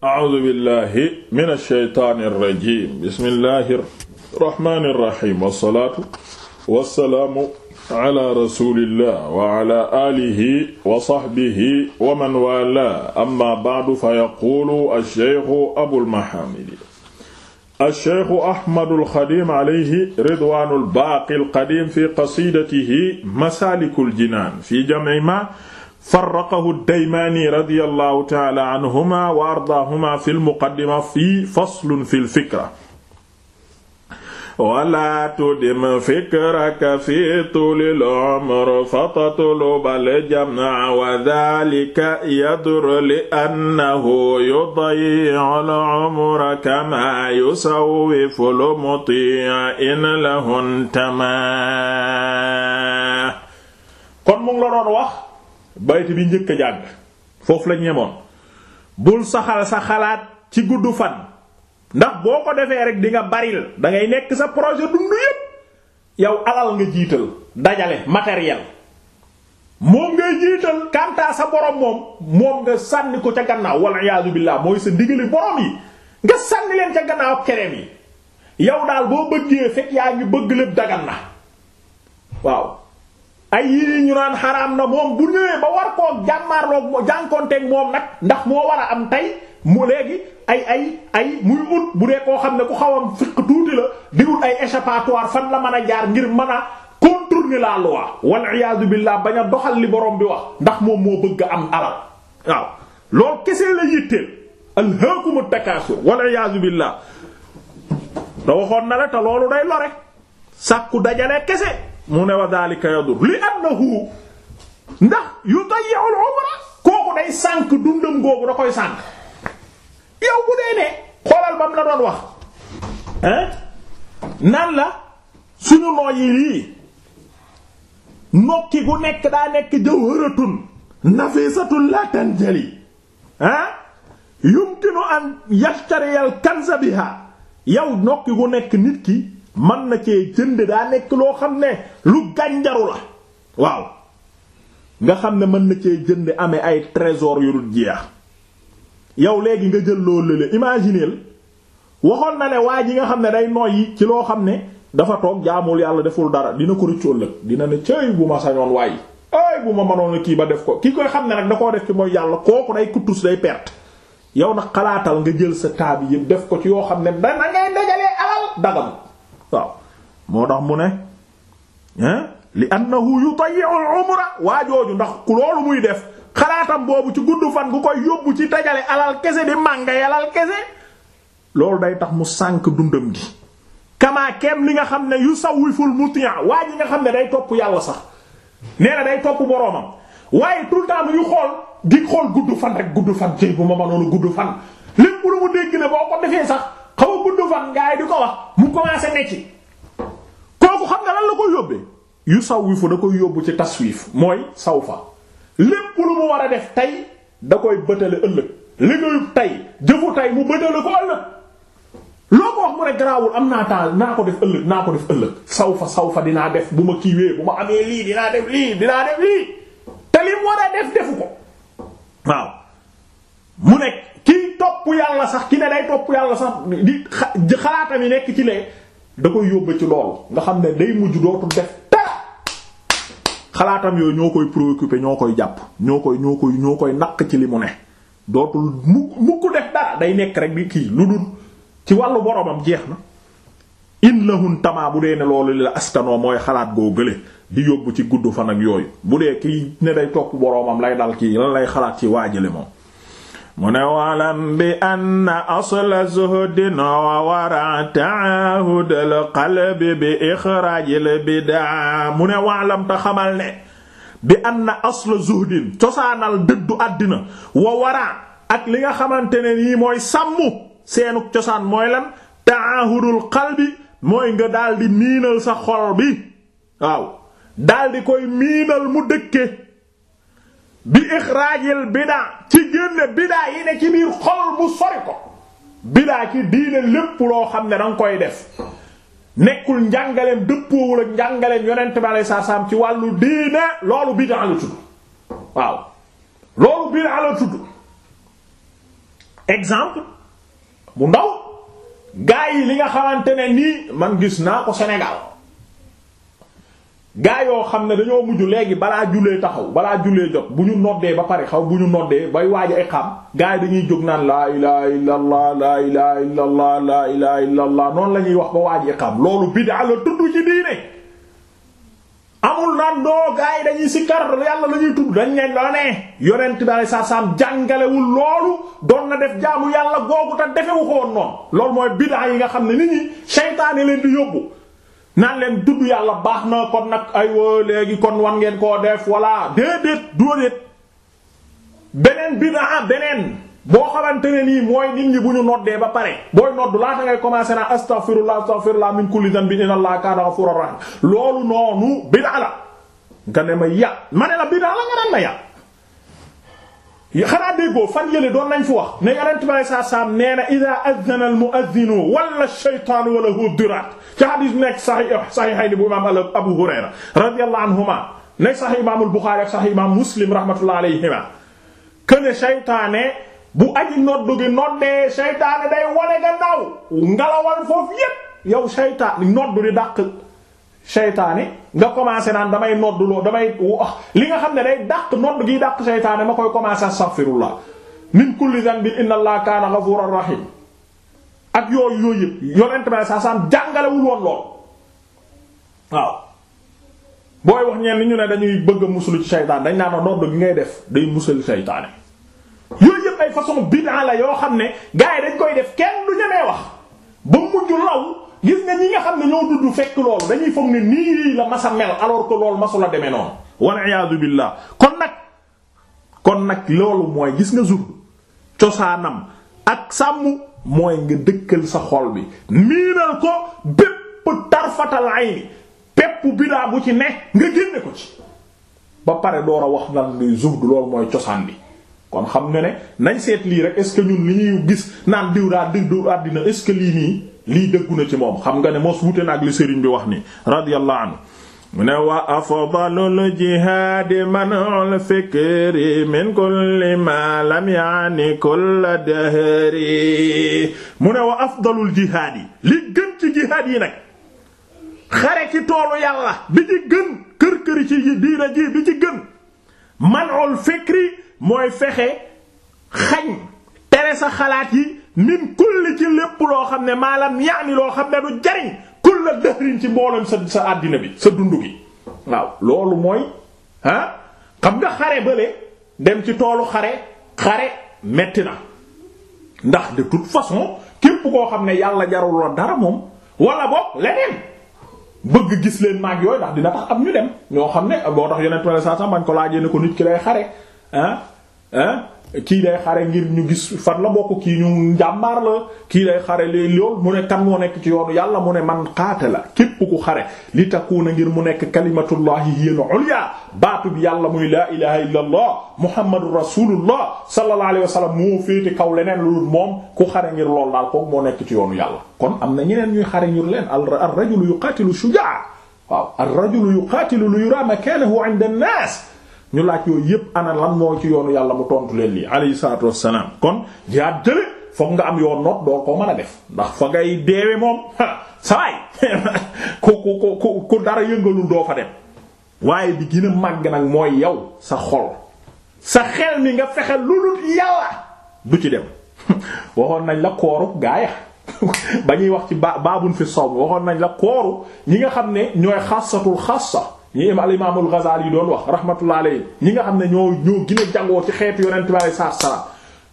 a'uuzu billahi min alsheytaani irrajim bismillahi rrahmaani irrahim wassalaatu wassalaamu ala rasulillah wa ala aalihi wa sahbihi wa man waalaahu amma ba'du fa yaquulu alsheykhu abul mahaamidi alsheykhu ahmadul xadiim alayhi ridwaanul baaqil qadiim fi qasiidatihi masaalikul jinaan fi jam'i maa farraqahu daymaani radiyallahu taala anhuma wa ardaahuma fi lmuqaddima fi faslun fi lfikra wala tudim fikraka fi tulil umr fatatlubal jam'a wa dhalika yadur li annahu yudayyi'ul umra kama yusawwiful muti'a in lahun tama kon mu ngi la doon wax bayt bi njëkk a jàgg foofu lañ ñemoon bul saxal sa xalaat ci gudd fan ndax boo ko defee rek dinga nga dangay nekk sa projet dund yépp yow alal nga jiital dajale matériel moom ngay jiital kantaa sa borom moom moom nga sànni ko ca gannaaw wala iyaadu billaah mooy sa ndigali borom yi nga sànni leen ca gannaaw kereem yi yow daal boo bëggee fekk yaa ngi bëgg lépp dagan na waaw ay yii ñu naan xaraam na moom bu ñëwee ba war koo jàmmaarloog jànkonteeg moom nag ndax moo war a am tey mu léegi ay ay ay muy ut bu dee koo xam ne ku xawam fiq tuuti la di ay échappatoire fan la mën a jaar ngir mën a contourner la loi wal iyaadu billah bañ a doxal li bi wax ndax moom moo bëgg a am alal waaw loolu kesee la yitteel alhaakumu takaasur wal iyaadu billah waxoon na la te loolu day lore sàkku dajale kese mu ne wa daalika yadur li annahu ndax yu dayyi'ul umra kooku day sànq dundam googu da koy sànq yow bu dee ne xoolal bam la doon wax hein nan la suñu nooyi lii nokki gu nekk daa nekk jawharatun nafisatun la tanjali ah yumkinu an yashtariyal kanza biha nokki gu nekk nit ki man na cee jënd daa nekk loo xam ne lu gànjaru la waaw nga xam ne mën na cee jënd ame ay trésor yu dul jeex yow léegi nga jël loolu la imagineel waxoon na ne waa ji nga xam ne day noyyi ci loo xam ne dafa toog jaamul yàlla deful dara dina ko rëccu ëllëg dina ne cëy bu ma sañoon waay ay bu ma mënoon kii ba def ko ki koy xam ne nag da koo def ci mooy yàlla kooku day kuttus day perte yow nag xalaatal nga jël sa taabi yi def ko ci yoo xam ne dana waaw moo tax mu ne li annahu yudayyi'u al-umra waa jooju ndax ku loolu muy def xalaatam boobu ci gudd fan gu koy yóbbu ci tajale alal kese di mànga yalal kese loolu day tax mu sànk dundam gi kamaa kem li nga xam ne yu yusawwiful muti'a waa ji nga xam ne day topp yàlla sax nee na day topp boroomam waaye tout yu temps xool di xool gudd fan rek gudd fan ci bu ma mënoon gudd fan lépp lu mu dégg ne boo ko defee sax moo gudd fan gars yi di ko wax mu commencé ne ci kooku xam nga lan la koy yóbbee yu sawwifu da koy yóbbu ci taswif mooy saw fa lépp lu mu war a def tay da koy bëtale ëllëg liggéeyu tey jëfu tay mu bëtale ko ëllëg loo ko wax mu ne garaawul am naa temps naa ko def ëllëg naa ko def ëllëg saw fa saw fa dinaa def bu ma kiiwee bu ma amee lii dinaa def lii dinaa def lii te li mu war a def defu ko waaw mu ne kiy topp yàlla sax ki ne day topp yàlla sax di xalaatam yi nekk ci lee da koy yóbba ci loolu nga xam ne day mujj dootul def dara xalaatam yooyu ñoo koy préoccupé ñoo koy jàpp ñoo koy ñoo koy koy naq ci li mu ne dootul mu mukk def dara day nekk rek bi kii lu dul ci wàllu boromam jeex na indi in lahun tamaa bu dee ne loolu li la askanoo mooy xalaat goo gële di yóbbu ci gudd fan ak yooyu bu dee kii ne day topp boromam lay dal kii lan lay xalaat ci waajale moom mu ne walam bi anna asla zuhdin wa wara taahud qalbi bi ixraaj bidaa mu ne walam xamal ne bi anna asla zuhdin cosaanal dëddu àddina wa wara ak li nga xamante ne nii mooy sàmmu seenuk cosaan mooy lan taahudul qalbi mooy nga daldi miinal sa xol bi waaw daldi koy miinal mu dëkke bi ixraajil bidaa génne bidaa yi ne ci biir xol mu sori ko bidaa ci diine lépp loo xam ne danga koy def nekkul njàngaleem dëppoowul ak njàngaleem yonent bi alayhi salaam ci wàllu diine loolu bidaa la tudd waaw loolu bidaa la tudd exemple bu ndaw gaa yi li nga xamante ne nii man gis naa ko Sénégal gaa yoo xam ne dañoo mujj léegi balaa jullee taxaw balaa jullee jot bu ñu noddee ba pare xaw bu ñu noddee bay waaj ay xam gaa yi dañuy jóg naan laa ilaha illa allah laa ilaha illa allah laa ilaha illa noonu la ñuy wax ba waaj ay xam loolu bid'a la tudd ci diine amul naan doo gaa yi dañuy sikkar yàlla la ñuy tudd dañ leen la ne yonent bi saa jàngalewul loolu doon na def jaamu yàlla googu te defewu ko woon noonu loolu mooy bid'a yi nga xam ne nit ñi seytaane leen di yóbbu naan leen dudd yàlla baax na kon nag ay aywa léegi kon wan ngeen koo def walla déedéet dóodéet beneen bidaa beneen boo xamante ne nii mooy nit ñi bu ñu noddee ba pare booy noddu laata ngay commencer na astaghfirullah astaghfirullah min kulli dhanbin inna allaha kana ghafurur rahim loolu noonu bidaa la nga ne ma ya ma ne la bidaa la nga naan ma ya xanaa déggoo fan yële doon nañ fi wax ne yonent bi saa saam nee na idaa addana al muaddinu wala shaytaan wala hu diraat ci hadis nekk sahih sahihayni bu imaam Abu Hurayra radiyallahu anhuma nekk sahih imaamul Buxaari ak sahih imaam Muslim rahmatullahi alayhima këne shaytaane bu aji noddu gi noddee shaytaane day wale gannaaw ngalawal foofu yépp yow shaytaan noddu di dàq. seytaane nga commencé naan damay noddloo damay wax li nga xam ne day dàq nodd gi dàq seytaane ma koy commencé astaghfirullah min kulli dhanbin inna allaha kaana ghafuurur rahiim ak yooyu yooyu yëpp yonent bi saa saam woon lool waaw booy wax ñu ne dañuy bëgg musulu ci seytaane dañ naan nodd gi ngay def day musal seytaane yooyu yëpp ay façon bid'a la yoo xam ne gars yi dañ koy def kenn du ñemee wax ba mujj law gis nga ñi nga xam ne ñoo dudd fekk loolu dañuy foog ne nii la masa mel alors que loolu masu la demee noonu wal iyaadu billah kon nag kon nag loolu mooy gis nga zurd cosaanam ak sàmm mooy nga dëkkal sa xol bi miinal ko bépp tarfatal ayni bépp bidaa bu ci ne nga génne ko ci ba pare door a wax lan luy zuhd loolu mooy cosaan bi kon xam nga ne nañ seet lii rek est ce que ñun li ñuy gis naan diw daa diw àddina est ce lii nii lii dëggu na ci moom xam nga ne mos wute na ak li sëriñ bi wax ni radiyallahu anhu mu ne wa afdalul jihaadi manul fikri jihaad yi li gën ci jihaad yi nag xare ci toolu yàlla bi ci gën kër-këri ci diina ji bi ci gën manul fikri mooy fexe xañ tere sa xalaat yi min kulli ci lépp loo xam ne maalam yaani loo xam ne du jariñ kulla dëhrin ci mbooloom sa sa àddina bi sa dund gi waaw loolu mooy xam nga xare bële dem ci toolu xare xare metti na ndax de tout façon képp koo xam ne yàlla jarul la dara moom wala boog leneen bëgg gis leen maag yooyu ndax dina tax am ñu dem ñoo xam ne boo tax yeneen tool saa sax bañ ko laajee ne ko nit ki lay xare ah ah kii day xare ngir ñu gis fan la bokk kii ñu njàmbaar la kii day xare léegi lool mu ne kan moo nekk ci yoonu yàlla mu ne man xaata la képp ku xare li takuuna ngir mu nekk kalimatullahi hiya al-ulya baatu bi yàlla muy laa ilaha illa allah muhammadu rasulullah sallallahu alayhi wa sallam moo féete kaw leneen lu dul moom ku xare ngir lool daal kooku moo nekk ci yoonu yàlla kon am na ñeneen ñuy xare ngir leen ar-rajulu yuqatilu shujaa waaw ar-rajulu yuqatilu li yura makanahu 'inda an-nas ñu laaj yooyu yépp ana lan moo ci yoonu yàlla mu tontu leen lii alayhi salaatu wassalaam kon jihaad jële foog nga am yoon noot doo ko man a def ndax fa ngay deewe moom sawaay ku ku ku ku dara yëngalul doo fa dem waaye bi gën a màgg nag mooy yow sa xol sa xel mi nga fexe lu dul yàlla du ci dem waxoon nañ la kooru gaaya ba ñuy wax ci ba baabun fi sawm waxoon nañ la kooru ñi nga xam ne ñooy xas sa ñi al imaamul Ghazali yi doon wax rahmatullah alayhi ñi nga xam ne ñoo ñoo gën jàngoo ci xeet yonent bi alayhi salaatu salaam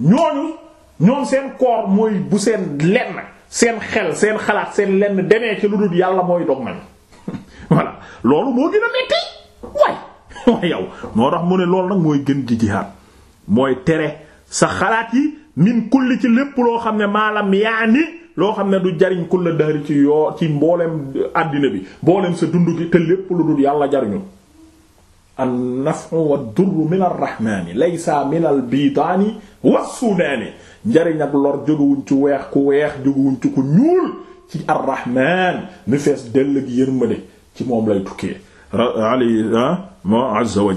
ñooñu ñoom seen koor mooy bu seen lenn seen xel seen xalaat seen lenn demee ci lu dul yàlla mooy dog nañu voilà loolu moo gën a metti waay waay moo tax mu ne loolu nag mooy gën di jihaad mooy tere sa xalaat yi min kulli ci lépp loo xam ne maalam yaa ni loo xam ne du jariñ kulla dahri ci yoo ci mboolem àddina bi mboolem sa dund gi te lépp lu dul yàlla jariñu an nafu wa durru min ar rahmaani laysa min al bidaani wa sudaani njariñ ak lor jógewuñ ci weex ku weex jógewuñ ci ku ñuul ci ar rahmaan mi fees dell gi yërmande ci moom lay tukkee ah, moo azza wa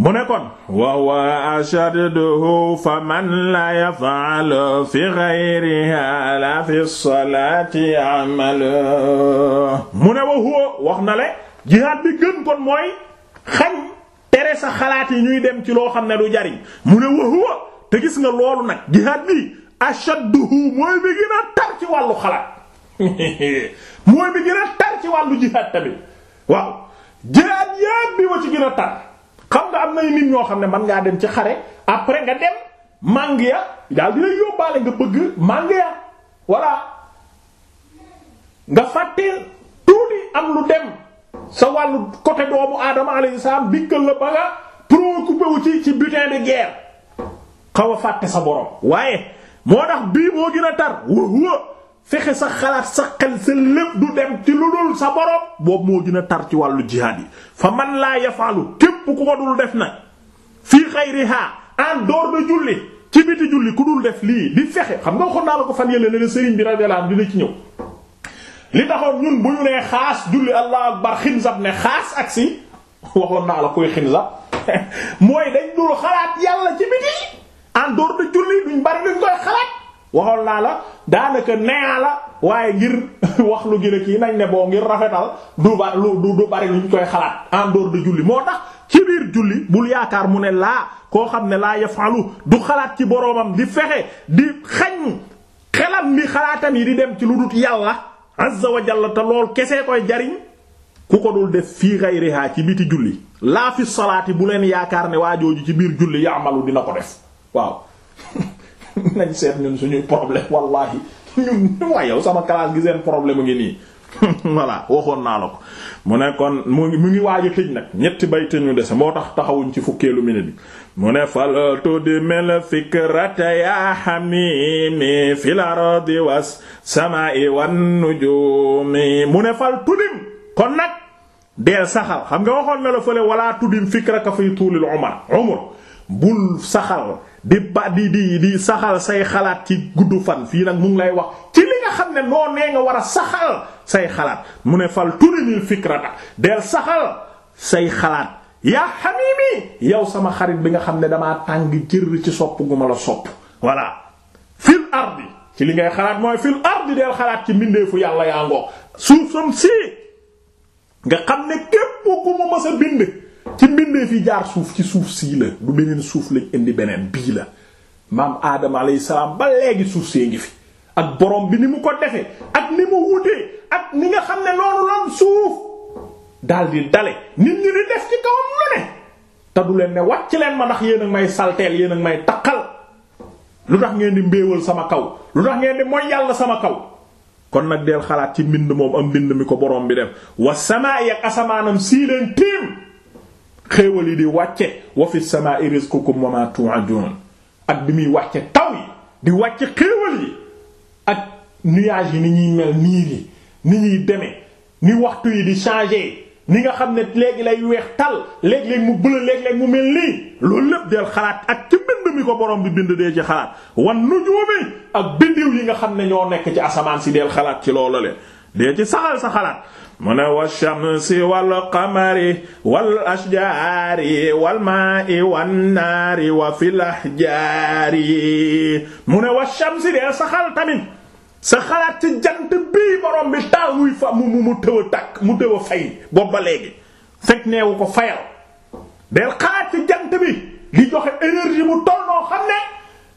mu ne kon wa huwa ashadduhu fa man la yaf'alu fi ghayriha la fi salati amalu mu ne wa huwa wax na le jihaad bi gën kon mooy xañ tere sa xalaat yi ñuy dem ci loo xam ne du jariñ mu ne wa huwa te gis nga loolu nag jihaad bi ashadduhu mooy bi gën a tar ci wàllu xalaat mooy bi gën a tar ci wàllu jihaad tamit waaw jihaad yaa bi wa ci gën a tar xam nga am nay nit ñoo xam ne mën ngaa dem ci xare après nga dem màng ya daal di lay yóbbaale nga bëgg màng ya voilà nga fàtte tuuti am lu dem sa wàllu côté doomu aadama alayhi salaam dikkal nga ba nga préoccupé wu ci ci butin de guerre xaw a fàtte sa boroom waaye moo tax bii boo gën a tar wa huwa fexe sa xalaat sa xel sa lépp du dem ci lu dul sa borom boobu moo gën tar ci wàllu jihaad yi fa man laa yafaalu képp ku ko dul def nag fii xayriha en dehors de julli ci biti julli ku dul def lii di fexe xam nga waxoon naa la ko fan yële ne la sëriñ bi radiyallahu anhu dina ci ñëw li taxoon ñun bu ñu nee xaas julli allahu akbar xinzab ne xaas ak si waxoon naa la koy xinzab mooy dañ dul xalaat yàlla ci biti en dehors julli duñ bari duñ koy xalaat waxoon naa la daanaka neexa la waaye ngir wax lu gën a kii nañ ne boo ngir rafetal du ba du bari luñ koy xalaat en dehors julli moo tax ci biir julli bul yaakaar mu ne laa koo xam ne laa yafalu du xalaat ci boroomam di fexe di xañ xelam mi xalaatam yi di dem ci lu dut yàlla azza wa te lool kese koy jariñ ku ko dul def fii ghayriha ci biti julli laa fi salaati bu leen yaakaar ne waa waajooju ci biir julli yamalu dina ko def waaw nañ seet ñun suñuy problème wallahi ñun waa yow sama classe gi seen problème ngi nii voilà waxoon naa la ko mu ne kon mu ngi mu ngi waaju tëj nag ñetti bayte ñu dese moo tax taxawuñ ci fukkeelu minute bi mu ne faltu di mel fikrata ya hamimi mu ne fal tudim kon nag deel saxal xam nga waxoon na la fële wala tudim fikraka fi tuulil umar umar bul saxal di ba di di di saxal say xalaat ci gudd fan fii nag mu ngi lay wax ci li nga xam ne noo nee nga war a saxal say xalaat mu ne fal turinil fikrata del saxal say xalaat yaa xamimi yow sama xarit bi nga xam ne damaa tàng jër ci sopp gu ma la sopp voilà fil ardi ci li ngay xalaat mooy fil ardi del xalaat ci mbindeefu yàlla yaa ngoo suufam si nga xam ne képp ku mu mës a bind ci mbindee fi jaar suuf ci suuf sii la du beneen suuf lañ indi beneen bii la maam aadama alayhi salaam ba léegi suuf see ngi fi ak boroom bi ni mu ko defee ak ni mu wutee ak ni nga xam ne loolu lan suuf daal di dale nit ñi di def ci kawam lu ne te leen ne wàcc leen ma ndax yéen ak may salteel yéen ak may taqal lu tax ngeen di mbéewal sama kaw lu tax ngeen di mooy yàlla sama kaw kon nag del xalaat ci mbind moom am mbind mi ko borom bi def wa xéewal yi di wàcce wa fi samaa'i rizqukum wa ma tu'adun ak bi muy wàcce taw yi di wàcce xéewal yi ak nuages yi ni ñuy mel niir yi ni ñuy demee ni waxtu yi di changer ni nga xam ne léegi lay weex tal léeg-léeg mu bëla léeg-léeg mu mel nii loolu lépp del xalaat ak ci mbind mi ko boroom bi bind dee ci xalaat wan nujuumi ak bindiw yi nga xam ne ñoo nekk ci asamaan si del xalaat ci loolu le dee ci saxal sa xalaat mu ne wa shamsi wal qamari wal ashjaari wal maa'i wan naari wa fil ahjaari mu ne wa shamsi dee saxal tamit sa xalaat ci jant bii borom bi taal muy fa mu mu tëw takk mu tëw fay boobu léegi fekk neewu ko fayal deel xalaat ci jant bi di joxe énergie bu toll noo xam ne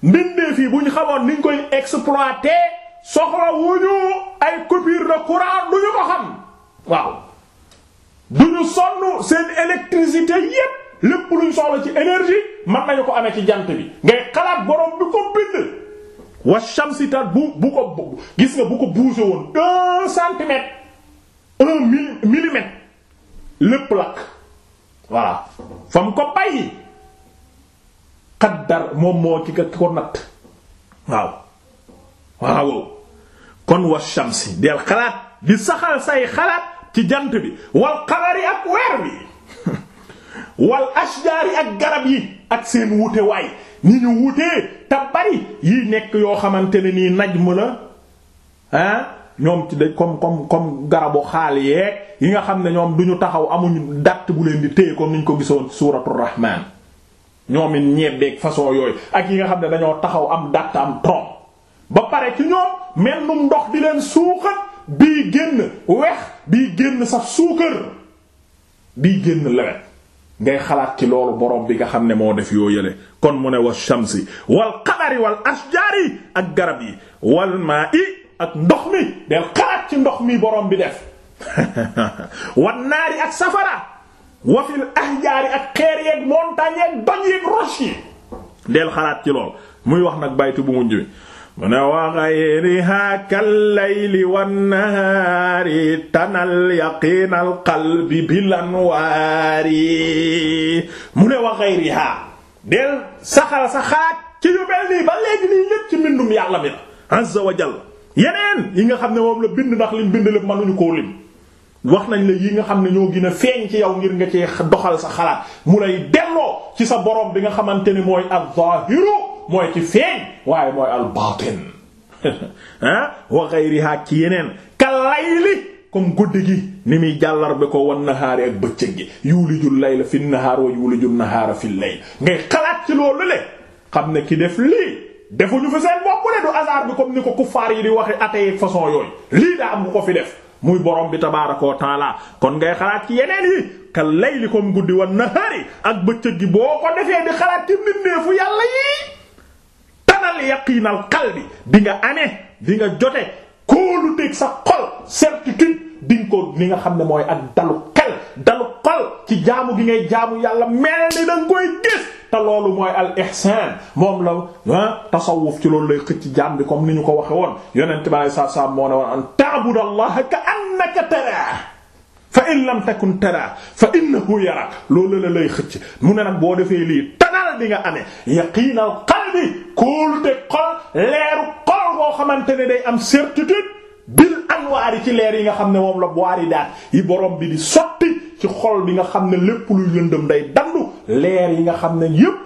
mbindeef yi bu xamoon niñ koy exploiter soxla wuñu ay coupure de courant duñu ko xam waaw du ñu sonn seen électricité yépp lépp luñ soxla ci énergie mën nañu ko amee ci jant bi ngay xalaat borom bi ko bind wa shamsi bu bu ko gis nga bu ko bougé woon un centimètre un lépp lakk voilà fa mu ko bàyyi xaddar moom moo ki ko natt waaw waaw kon wa del xalaat di saxal say xalaat ci jant bi wal xamari ak weer bi wal ashjaari ak garab yi ak seen wuute waay ni ñu wuutee te bari yi nekk yoo xamante ne nii najm la ah ñoom ci dañ comme comme garabu xaal yee yi nga xam ne ñoom duñu taxaw amuñu dat bu leen di téye comme niñ ko gisoon suuratu rahmaan ñoom it ñebbeeg façon yooyu ak yi nga xam ne dañoo taxaw am datt am tronc ba pare ci ñoom mel num ndox di leen suuxat bii génn wex bii génn saf suukar bii génn lewet ngay xalaat ci loolu boroom bi nga xam ne moo def yoo yële kon mu ne wa shamsi wal qamari wal ashjaari ak garab yi wal maa'i ak ndox mi del xalaat ci ndox mi boroom bi def wan naari ak safara wa fil ahjaari ak xeer yeeg montagne yeeg doj yeeg roche yi del xalaat ci lool muy wax nag baytu bu mujj bi mu ne wa gayriha kallayli wannahaari tanal yaqiinal qalbi bilanwaari mu ne wa gayriha del saxal saxaat ci yu mel nii ba léegi nii lépp ci mbindum yàlla mi la azza wa jalla yeneen yi nga xam ne moom la bind ndax lim bind lépp mënuñu koo lim wax nañ la yi nga xam ne ñoo gën a feeñ ci yow ngir nga ci doxal sa xalaat mu lay delloo ci sa borom bi nga xamante ne mooy az-zaahiru mooy ci feeñ waaye mooy al baatin ah ci yeneen ka layli comme guddi gi ni muy jàllar bi ko wan nahaari ak bëccëg gi yuulijul layla fi nahaar wa yuulijul nahaara fi layl ngay xalaat ci loolu le xam ne ki def lii defuñu fi seen bopp le du hasard bi comme ni ko kuffaar yi di waxe atay façon yooyu lii daa am ko fi def muy borom bi tabaaraka wa kon ngay xalaat ci yeneen yi ka layli comme guddi wan nahaari ak bëccëg gi boo ko defee di xalaat tanal yaqiinal qalbi bi nga amee di nga jote kóolu dégg sa xol certitude di nga ko li nga xam ne mooy ak dalu xel dalu xol ci jaamu gi ngay jaamu yàlla mel ni danga koy gis te loolu mooy al ihsan moom la tasawuf ci loolu lay xëcc jaam bi comme ni ñu ko waxe woon yonent bi sallallahu alayhi moo ne woon an ta'budallaha ka'annaka taraahu fa in lam takun tara fa innahu yara loolu la lay xëcc mu ne nag boo defee lii tanal di nga amee yaqiinal qalbi kóolute xol leeru xol boo xamante ne day am certitude bil anwaar yi ci leer yi nga xam ne moom la boari daat yi borom bi di sotti ci xol bi nga xam ne lépp luy lëndëm day dandu leer yi nga xam ne yépp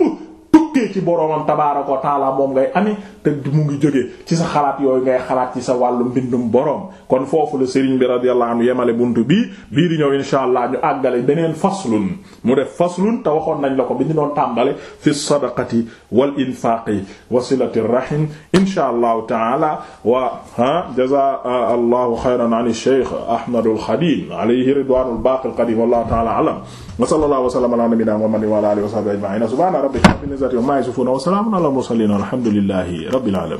jógee wa taala moom ngay amee te mu ngi jógee ci yooyu ngay xalaat ci sa wàllu mbindum boroom kon foofu la sëriñ bi radiyallahu anhu yemale buntu bii bii di ñëw insha allah ñu àggale beneen faslun mu def faslun te waxoon nañ la ko bi ñu doon tàmbale fi sadaqati wal infaaqi wa silati rahim insha allahu wa ha jazaa allahu xayran an ash-shaykh ahmadul xadim alayhi ridwanul baaqil qadim wallahu taala alam wa sallallahu wa sallama ala nabiyyina muhammadin wa ala alihi wa sahbihi ajma'in subhana rabbika rabbil izzati maay sufu na wa salaamun ala mursalin alhamdulillahi rabbil alamin